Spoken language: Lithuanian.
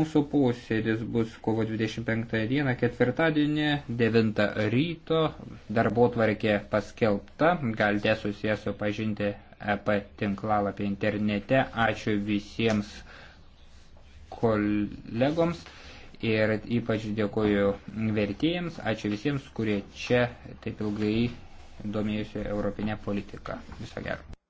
Mūsų posėdis bus kovo 25 dieną, ketvirtadienį, 9 ryto, darbo tvarkė paskelbta, galite susijęs su pažinti EP tinklalapį internete. Ačiū visiems kolegoms ir ypač dėkoju vertėjams, ačiū visiems, kurie čia taip ilgai domėjusi europinę politiką. Viso gero.